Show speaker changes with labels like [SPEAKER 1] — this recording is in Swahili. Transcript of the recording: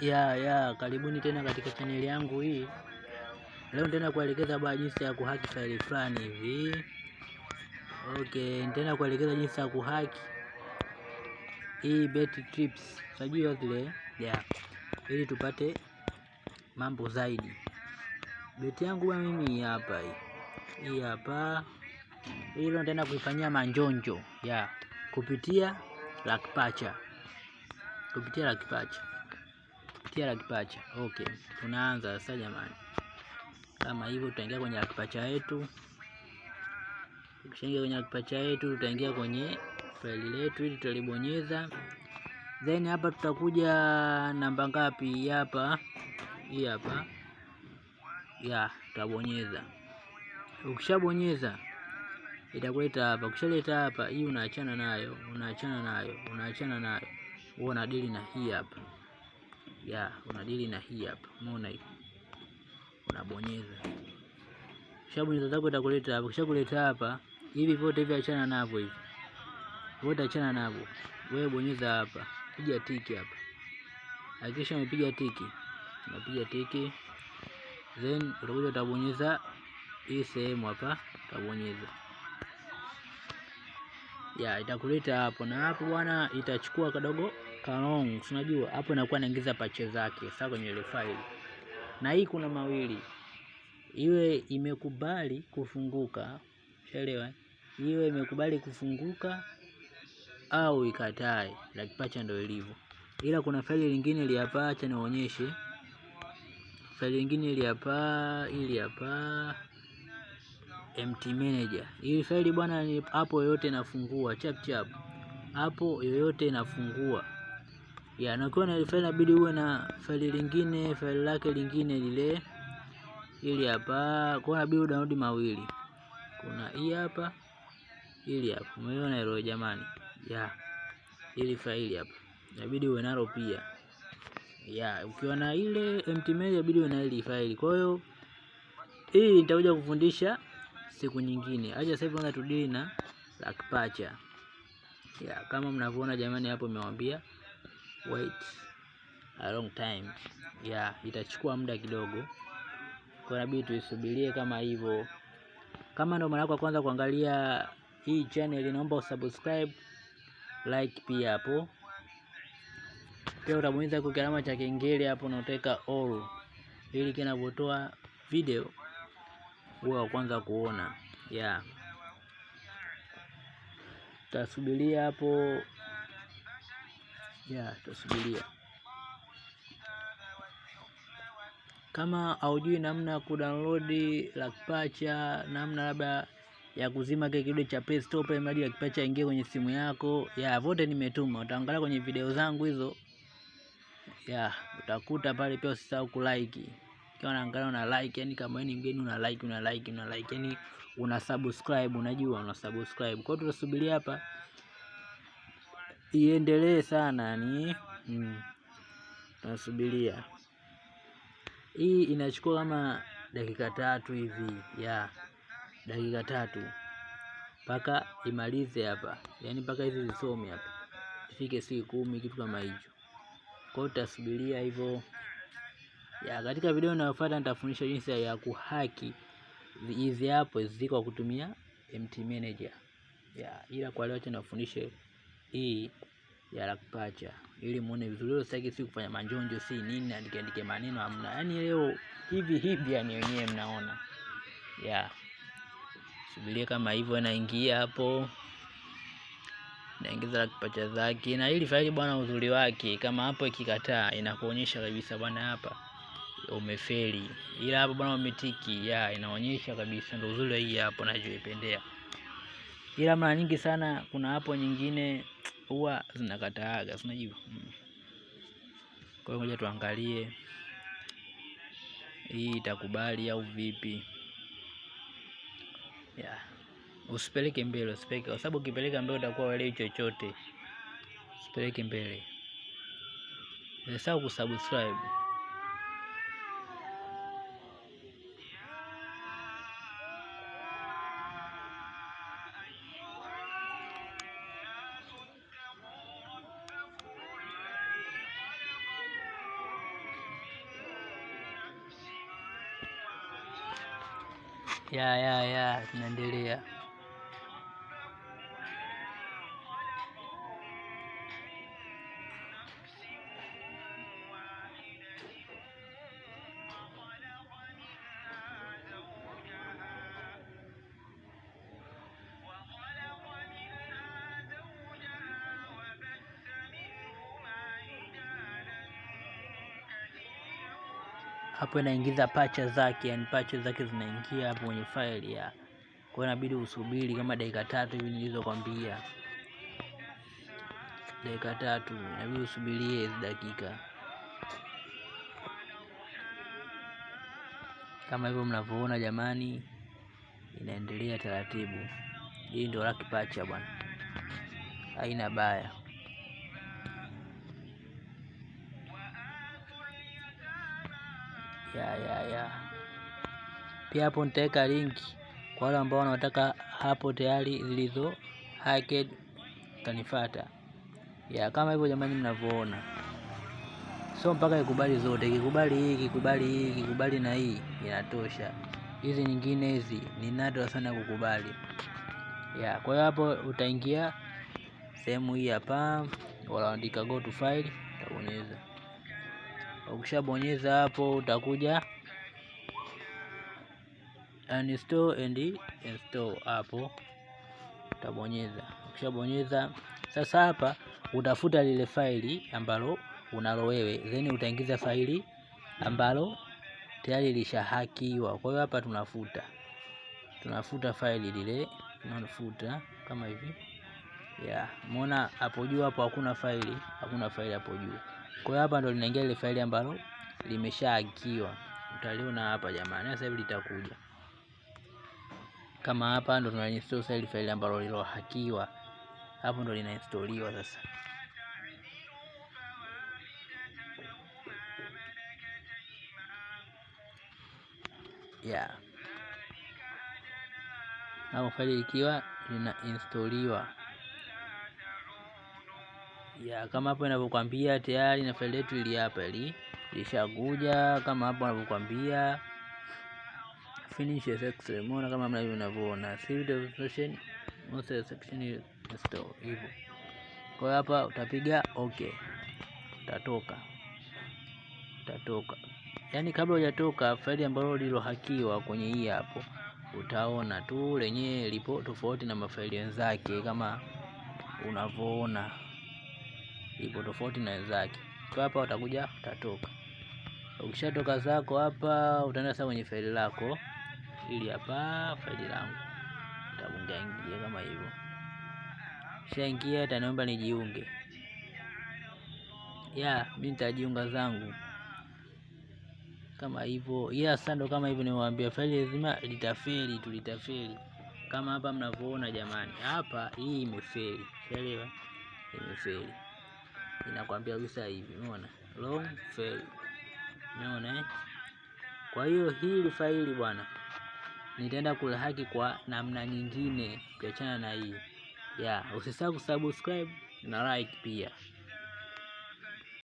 [SPEAKER 1] Ya ya, karibuni tena katika chaneli yangu hii. Leo nitaenda kuelekeza bwana jinsi ya kuhaki faili fulani hivi. Okay, nitaenda kuelekeza jinsi ya kuhaki hii beti trips sajua zile ya ili tupate mambo zaidi. Beti yangu bwana mimi hapa hii. Hii hapa. leo nitaenda kuifanyia manjonjo ya kupitia Lucky Pacha. Kupitia Lucky Pacha kupitia lakipacha. Okay, tunaanza sasa jamani. Kama hivyo tutaingia kwenye lakipacha yetu. Tukishaingia kwenye lakipacha yetu tutaingia kwenye faili letu ili tutalibonyeza. Then hapa tutakuja namba ngapi hapa? Hii hapa. Ya, tutabonyeza. Ukishabonyeza itakuleta hapa. Ukishaleta hapa, hii unaachana nayo, unaachana nayo, unaachana nayo. Wewe unadili na hii hapa ya unadili na hii hapa, umeona hii, unabonyeza. Ukishabonyeza zako itakuleta hapa, ukishakuleta hapa hivi vyote hivi achana navyo, hivi vyote achana navyo. Wewe bonyeza hapa, piga tiki hapa, hakikisha umepiga tiki, unapiga tiki, then utakuja utabonyeza hii sehemu hapa, utabonyeza ya itakuleta hapo, na hapo bwana, itachukua kidogo kalong, unajua hapo inakuwa naingiza pache zake sasa kwenye ile file. na hii kuna mawili, iwe imekubali kufunguka, shaelewa iwe imekubali kufunguka au ikatae, like pacha ndio ilivyo. Ila kuna faili lingine ili hapa, acha nionyeshe faili lingine ili hapa, ili hapa MT Manager. Hii faili bwana, hapo yoyote inafungua chap chap, hapo yoyote inafungua ya na ukiwa na file inabidi uwe na file lingine, file lake lingine lile ili hapa, kwa inabidi udownload mawili, kuna hii hapa ili hapa, umeona hilo jamani ya ili faili hapa inabidi uwe nalo pia ya, ukiwa na ile mtmail inabidi uwe na ile faili. Kwa hiyo hii nitakuja kufundisha siku nyingine. Acha sasa hivi tunatudili na lakpacha ya, kama mnavyoona jamani, hapo nimewambia wait a long time yeah, itachukua muda kidogo, kwa inabidi tuisubirie kama hivyo. Kama ndio mara yako ya kwanza kuangalia hii channel, naomba usubscribe, like pia hapo pia utabonyeza kwa kialama cha kengele hapo, utaweka all ili kinavyotoa video uwe wa kwanza kuona yeah. Tasubiria hapo ya tusubiria. Kama haujui namna ya kudownload LakiPacha, namna labda ya kuzima kile kidude cha Play Store pale mradi LakiPacha ingie kwenye simu yako, ya vote nimetuma. Utaangalia kwenye video zangu hizo, ya utakuta pale pia. Usisahau ku like kama unaangalia una like, yani kama wewe ni mgeni una like, una like, una like, yani una subscribe, unajua una subscribe. Kwa hiyo tutasubiria hapa iendelee sana ni mm, nasubiria hii inachukua kama dakika tatu hivi ya dakika tatu mpaka imalize hapa, yaani mpaka hizi zisome hapa ifike si kumi kitu kama hicho. Kwa hiyo tutasubiria hivyo ya. Katika video inayofuata nitafundisha jinsi ya kuhaki hizi hapo ziko kutumia MT Manager ya, ila kwa leo acha nafundishe hii ya lakpacha ili muone vizuri. Leo sitaki si kufanya manjonjo si nini, andike andike maneno hamna, Yani leo hivi hivi, yani wenyewe mnaona ya Subiria kama hivyo, naingia hapo, naingiza lakpacha zake, na ili faili bwana, uzuri wake kama hapo ikikataa inakuonyesha kabisa bwana, hapa umefeli, ila hapo bwana umetiki ya inaonyesha kabisa, ndio uzuri hii hapo, nachoipendea ila mara nyingi sana kuna hapo nyingine huwa zinakataaga, si mm. Kwa hiyo ngoja tuangalie hii itakubali au vipi? Yeah. Usipeleke mbele, usipeleke kwa sababu ukipeleka mbele utakuwa welei chochote. Usipeleke mbele. sasa kusubscribe. ya ya ya tunaendelea hapo inaingiza pacha zake, yani pacha zake zinaingia hapo kwenye faili ya kwa, inabidi usubiri kama dakika tatu hivi nilizokwambia, dakika tatu, inabidi usubirie hizo dakika kama hivyo mnavyoona jamani, inaendelea taratibu. Hii ndio lucky pacha bwana, haina baya. ya ya ya. Pia hapo nitaweka link kwa wale ambao wanataka hapo tayari zilizo hacked tanifuata. Ya kama hivyo jamani, mnavyoona. So mpaka ikubali zote, ikikubali hii, ikikubali hii, ikikubali na hii inatosha. Hizi nyingine hizi ni nadra sana kukubali. Ya, kwa hiyo hapo utaingia sehemu hii hapa, andika go to file, utabonyeza. Ukishabonyeza hapo utakuja uninstall and install, hapo utabonyeza. Ukishabonyeza sasa, hapa utafuta lile faili ambalo unalo wewe, then utaingiza faili ambalo tayari lishahakiwa. Kwa hiyo hapa tunafuta tunafuta faili lile, tunafuta kama hivi. Yeah, mona hapo juu, hapo hakuna faili, hakuna faili hapo juu. Kwa hapa ndo linaingia ile faili ambalo limeshaagiwa, Utaliona hapa jamani. Sasa hivi litakuja. Kama hapa ndo tunainstall sasa ile faili ambalo lilohakiwa. Hapo ndo linainstoliwa sasa. Yeah. Hapo faili ikiwa linainstoliwa ya kama hapo inavyokuambia tayari na faili yetu ili hapa ili ishakuja kama hapo anavyokuambia finish excel Umeona kama mna unavyoona save session mose section install hivyo kwa hiyo hapa utapiga okay utatoka utatoka Yani kabla hujatoka faili ambalo lilohakiwa kwenye hii hapo utaona tu lenye lipo tofauti na mafaili wenzake kama unavyoona ipo tofauti na wenzake. Kwa hapa utakuja utatoka. Ukishatoka zako hapa, utaenda sasa kwenye faili lako, ili hapa faili langu Utaunga ingia kama hivyo. Shaingia itaniomba nijiunge. Ya, mimi nitajiunga zangu kama hivyo. Ya, yeah, sasa ndo kama hivyo niwaambia, faili lazima litafeli tu, litafeli kama hapa mnavyoona jamani, hapa hii imefeli, shaelewa, imefeli inakwambia kabisa hivi, umeona long fail, umeona eh? Kwa hiyo hili faili bwana, nitaenda kulihaki kwa namna nyingine, kiachana na hii ya yeah. Usisahau kusubscribe na like pia.